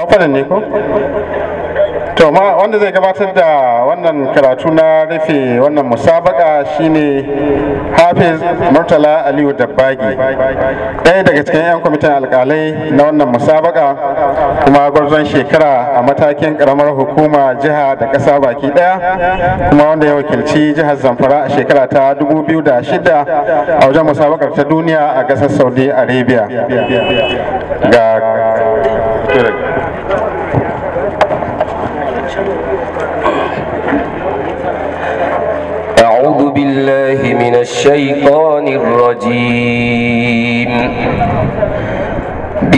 opening ne ko to wanda zai gabatar da wannan karatu na rufe wannan musabaka shine hafiz murtala aliyu dabbagi ɗaya daga cikin 'yan kwamitin alkalai na wannan musabaka kuma gwarzon shekara a matakin ƙaramar hukuma jiha da ƙasa baki ɗaya kuma wanda ya wakilci jihar zamfara a shekara ta 2006 a wajen musabakar ta duniya a ƙasar saudi arabia ga كده أعوذ بالله من الشيطان الرجيم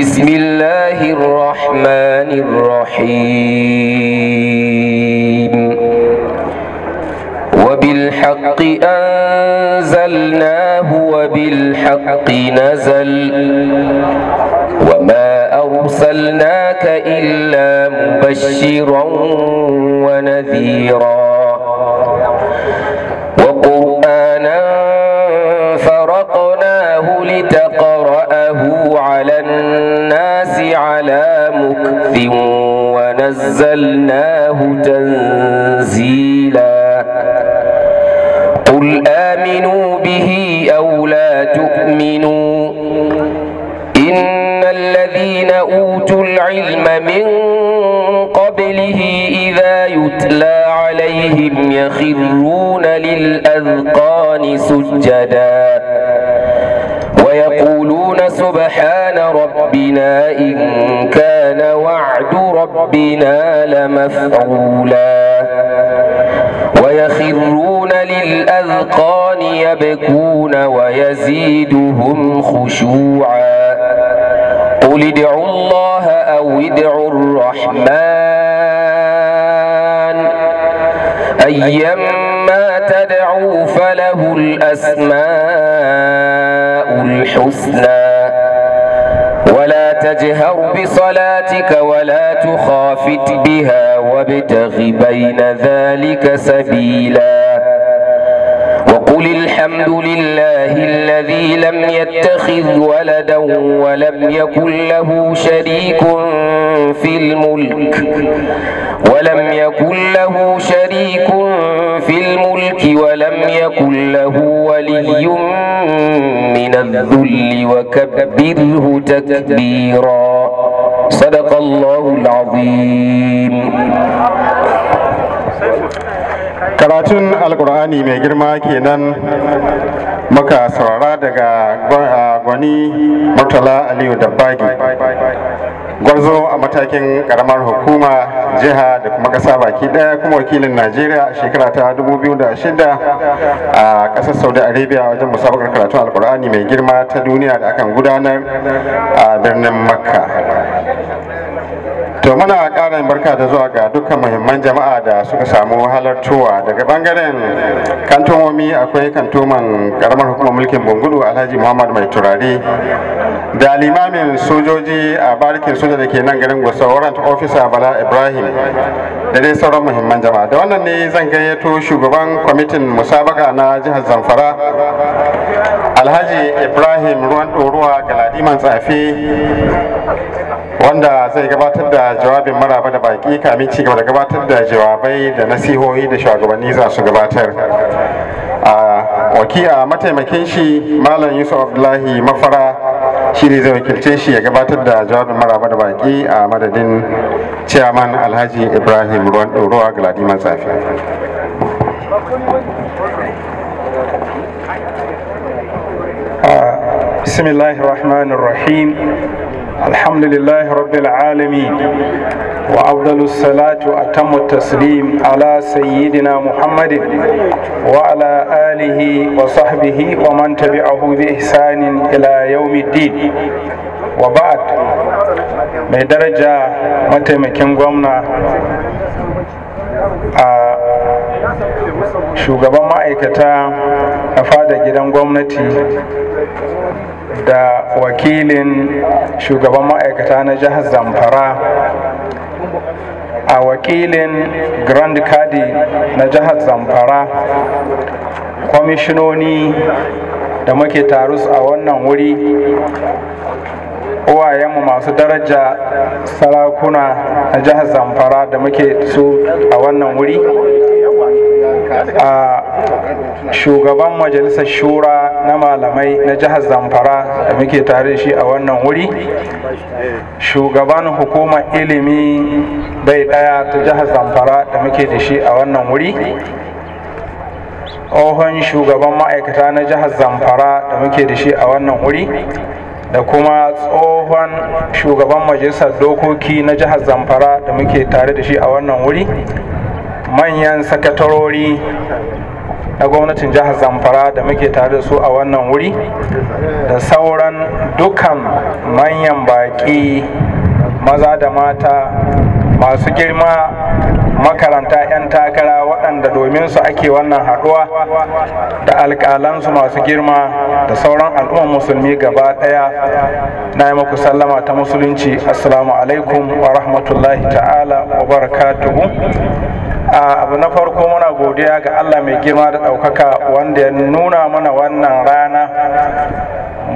بسم الله الرحمن الرحيم وبالحق أنزلناه وبالحق نزل بشيرا ونذيرا وقرآنا فرقناه لتقرأه على الناس على مكث ونزلناه تنزيلا قل آمنوا به أو لا تؤمنوا إن الذين أوتوا العلم من يتلى عليهم يخرون للأذقان سجدا ويقولون سبحان ربنا إن كان وعد ربنا لمفعولا ويخرون للأذقان يبكون ويزيدهم خشوعا قل ادعوا الله أو ادعوا الرحمن أيما تدعو فله الأسماء الحسنى ولا تجهر بصلاتك ولا تخافت بها وابتغ بين ذلك سبيلاً وقل الحمد لله الذي لم يتخذ ولدا ولم يكن له شريك في الملك ولم يكن له شريك في الملك ولم يكن له ولي من الذل وكبره تكبيرا صدق الله العظيم karatun alkur'ani mai girma kenan muka saurara daga gwani murtala aliyu dabbagi gwarzo a matakin karamar hukuma jiha da kuma kasa baki daya kuma wakilin najeriya a shekara ta 2006 a kasar saudi arabia wajen musabakar karatun alkur'ani mai girma ta duniya da akan gudanar a birnin makka to muna ƙara yin barka da zuwa ga dukkan muhimman jama'a da suka samu tuwa daga bangaren kantomomi akwai kantoman karamar hukumar mulkin bungudu alhaji muhammad mai turare da limamin sojoji a barikin soja da ke nan garin gusa warrant officer bala ibrahim da dai sauran muhimman jama'a da wannan ne zan gayyato shugaban kwamitin musabaka na jihar zamfara alhaji ibrahim ruwan ɗoruwa galadiman tsafe wanda zai gabatar da jawabin maraba da baki kamin ci gaba da gabatar da jawabai da nasihohi da shugabanni za su gabatar a wakiya mataimakin shi malam yusuf abdullahi mafara shi ne zai wakilce shi ya gabatar da jawabin maraba da baki a madadin chairman alhaji ibrahim ruwan ɗorowa galadiman tsafi بسم الله الرحمن الحمد لله رب العالمين وأفضل الصلاة وأتم التسليم على سيدنا محمد وعلى آله وصحبه ومن تبعه بإحسان إلى يوم الدين وبعد mai daraja mataimakin gwamna a ما ma'aikata na fada gidan gwamnati da wakilin shugaban ma'aikata na jihar zamfara a wakilin grand kadi na jihar zamfara kwamishinoni da muke tarus a wannan wuri uwayenmu masu daraja sarakuna na jihar zamfara da muke su a wannan wuri a shugaban majalisar shura na malamai na jihar zamfara da muke tare shi a wannan wuri shugaban hukumar ilimi bai daya ta jihar zamfara da muke da shi a wannan wuri tsohon shugaban ma'aikata na jihar zamfara da muke da shi a wannan wuri da kuma tsohon shugaban majalisar dokoki na jihar zamfara da muke tare da shi a wannan wuri manyan sakatarori na gwamnatin jihar zamfara da muke tare da su a wannan wuri da sauran dukan manyan baƙi maza da mata masu girma makaranta 'yan takara waɗanda domin su ake wannan haɗuwa da alƙalansu masu girma da sauran al'ummar musulmi gaba ɗaya na yi muku sallama ta musulunci assalamu alaikum wa rahmatullahi ta'ala wa barakatuhu abu na farko muna godiya ga allah mai girma da ɗaukaka wanda ya nuna mana wannan rana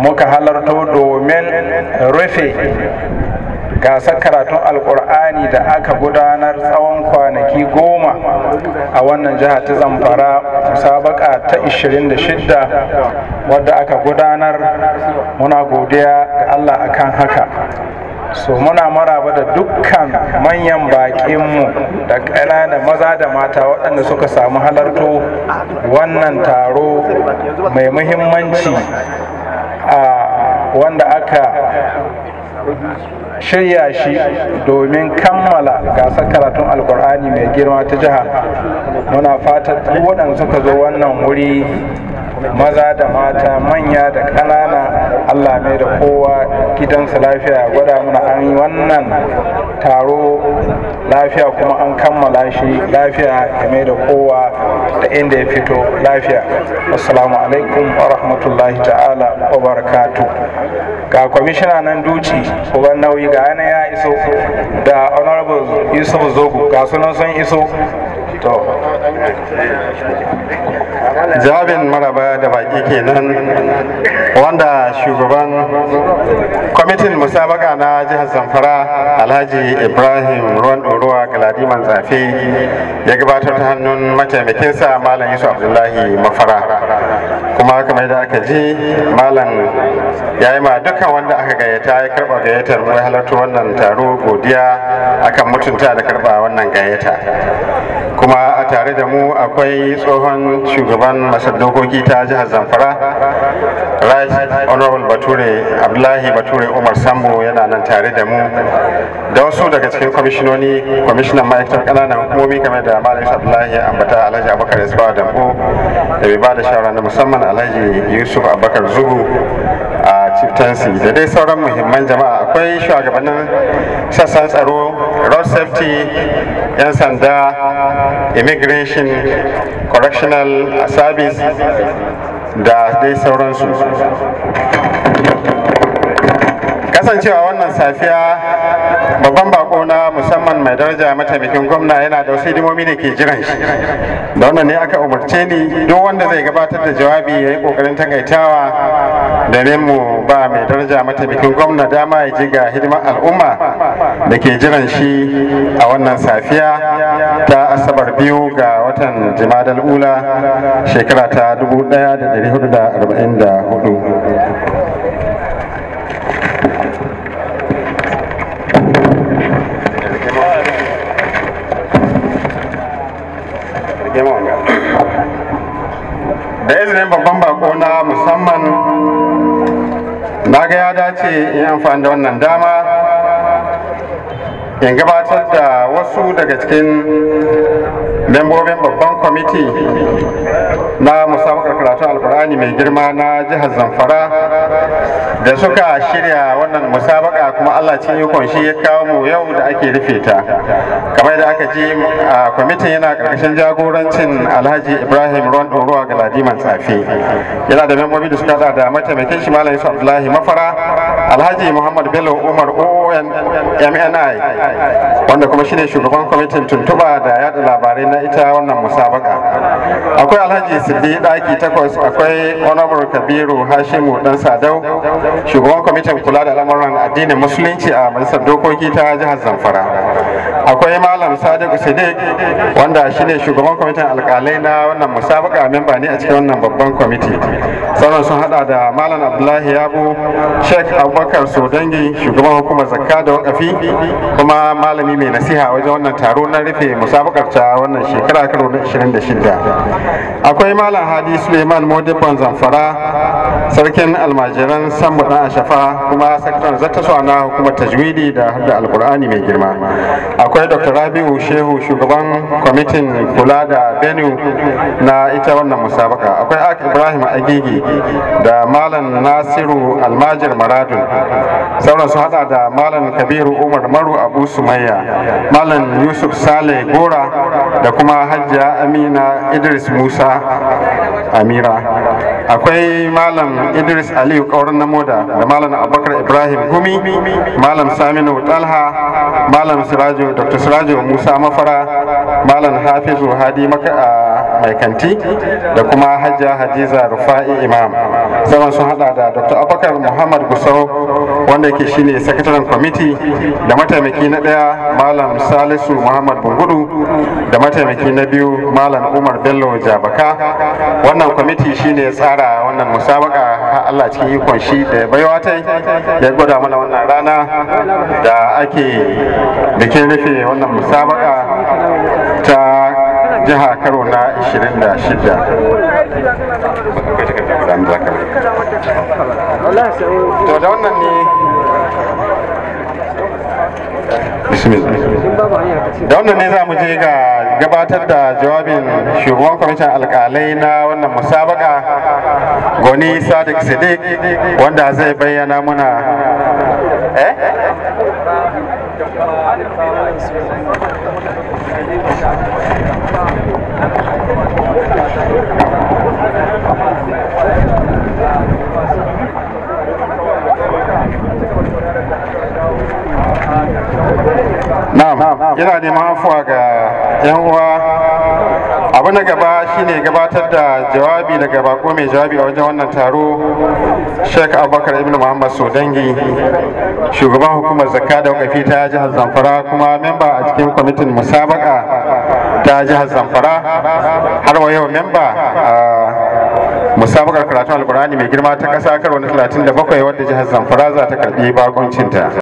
muka halarto domin rufe gasar karatun alkur'ani da aka gudanar tsawon kwanaki goma a wannan jiha ta zamfara musabaka ta 26 wadda aka gudanar muna godiya ga allah akan haka so muna maraba da dukkan manyan baƙinmu da ƙananan maza da mata waɗanda suka samu halarto wannan taro mai muhimmanci a wanda aka shirya shi domin kammala gasar karatun alkur'ani mai girma ta jiha muna fatan waɗanda suka zo wannan wuri maza da mata manya da ƙanana allah mai da kowa gidansa lafiya ya gwada muna an yi wannan taro lafiya kuma an kammala shi lafiya game da kowa da inda ya fito lafiya assalamu alaikum wa rahmatullahi ta'ala wa barakatu ga kwamishina nan duci uban nauyi ga 'yanayi ya iso da honorable yusuf zogu ga sunan sun iso jawabin maraba da baki kenan wanda shugaban kwamitin musabaka na jihar zamfara alhaji ibrahim ruwan ɗorowa galadiman tsafe ya gabatar ta hannun mataimakinsa malam yusuf abdullahi mafara kuma kamar yadda aka ji malam ya yi ma dukkan wanda aka gayyata ya karba gayyatar mai halarta wannan taro godiya akan mutunta da karba wannan gayyata kuma a tare da mu akwai tsohon shugaban masaddokoki dokoki ta jihar zamfara right honorable bature abdullahi bature umar sambo yana nan tare da mu da wasu daga cikin kwamishinoni kwamishinan ma'aikatar kananan hukumomi game da malam abdullahi ambata alhaji abubakar isbawa dambo da bai ba da shawara na musamman alhaji yusuf abakar zugu a chieftaincy da dai sauran muhimman jama'a akwai shugabannin sassan tsaro road safety yan sanda immigration correctional service da dai sauransu kasancewa wannan safiya babban bako na musamman mai daraja mataimakin gwamna yana da wasu hidimomi da ke jiran shi da wannan ne aka umarce ni duk wanda zai gabatar da jawabi ya yi kokarin takaitawa da mu ba mai daraja mataimakin gwamna dama ya ji ga hidimar al'umma da ke jiran shi a wannan safiya ta asabar biyu ga watan jimadal ula shekara ta 1444 babban bako na musamman na ga ya dace in amfani da wannan dama in gabatar da wasu daga cikin membobin babban kwamiti na musamman karatun alkur'ani mai girma na jihar zamfara da suka shirya wannan musabaka kuma allah cin yukon shi ya kawo mu yau da ake rufe ta kamar da aka ji a kwamitin yana karkashin jagorancin alhaji ibrahim ron ɗoruwa ga ladiman tsafi yana da membobi da suka da mataimakin shi malam yusuf abdullahi mafara alhaji muhammad bello umar omni wanda kuma shi ne shugaban kwamitin tuntuba da yada labarai na na ita wannan musabaka akwai alhaji Sidi daki takwas akwai honorable kabiru hashimu dan sadau shugaban kwamitin kula da al'amuran addinin musulunci a majalisar dokoki ta jihar zamfara akwai malam sadiq sadiq wanda shine shugaban kwamitin alkalai na wannan musabaka memba ne a cikin wannan babban kwamiti sannan sun hada da malam abdullahi yabo Sheik abubakar sodangi shugaban hukumar zakka da wakafi kuma malami mai nasiha wajen wannan taro na rufe musabakar ta wannan shekara karo 26 akwai malam hadi suleiman modibon zamfara sarkin almajiran sambo dan ashafa kuma sakataren zata na hukumar tajwidi da hadda alkur'ani mai girma akwai dr rabiu shehu shugaban kwamitin kula da benu na ita wannan musabaka akwai ak ibrahim agigi da malam nasiru almajir maradun sauran su hada da malam kabiru umar maru abu sumayya malam yusuf sale gora da kuma hajja amina idris musa amira akwai malam malam idris aliyu kauran na moda da malam abubakar ibrahim gumi malam saminu talha malam sirajo dr sirajo musa mafara malam hafizu hadi maka mai kanti da kuma hajja hadiza rufa'i imam zaman sun hada da dr abubakar muhammad gusau wanda yake shine sakataren kwamiti da mataimaki na daya malam salisu muhammad bungudu da mataimaki na biyu malam umar bello jabaka wannan kwamiti shine ya tsara wannan musabaka har allah cikin ikon shi da ya baiwa ta ya gwada mana wannan rana da ake bikin rufe wannan musabaka ta jiha karo na 26 da gudan da zaka mai to da wannan ne da wannan ne za mu je ga gabatar da jawabin shugaban kwamishin alkalai na wannan musabaka goni sadiq sadiq wanda zai bayyana muna eh na'am yana neman afuwa ga yan uwa abu na gaba shine gabatar da jawabi daga bako mai jawabi a wajen wannan taro sheikh abubakar ibn muhammad sodangi shugaban hukumar zakka da wakafi ta jihar zamfara kuma memba a cikin kwamitin musabaka ta jihar zamfara har wa yau memba a musabakar karatun alburani mai girma ta kasa karo na 37 wadda jihar zamfara za ta karbi bakoncinta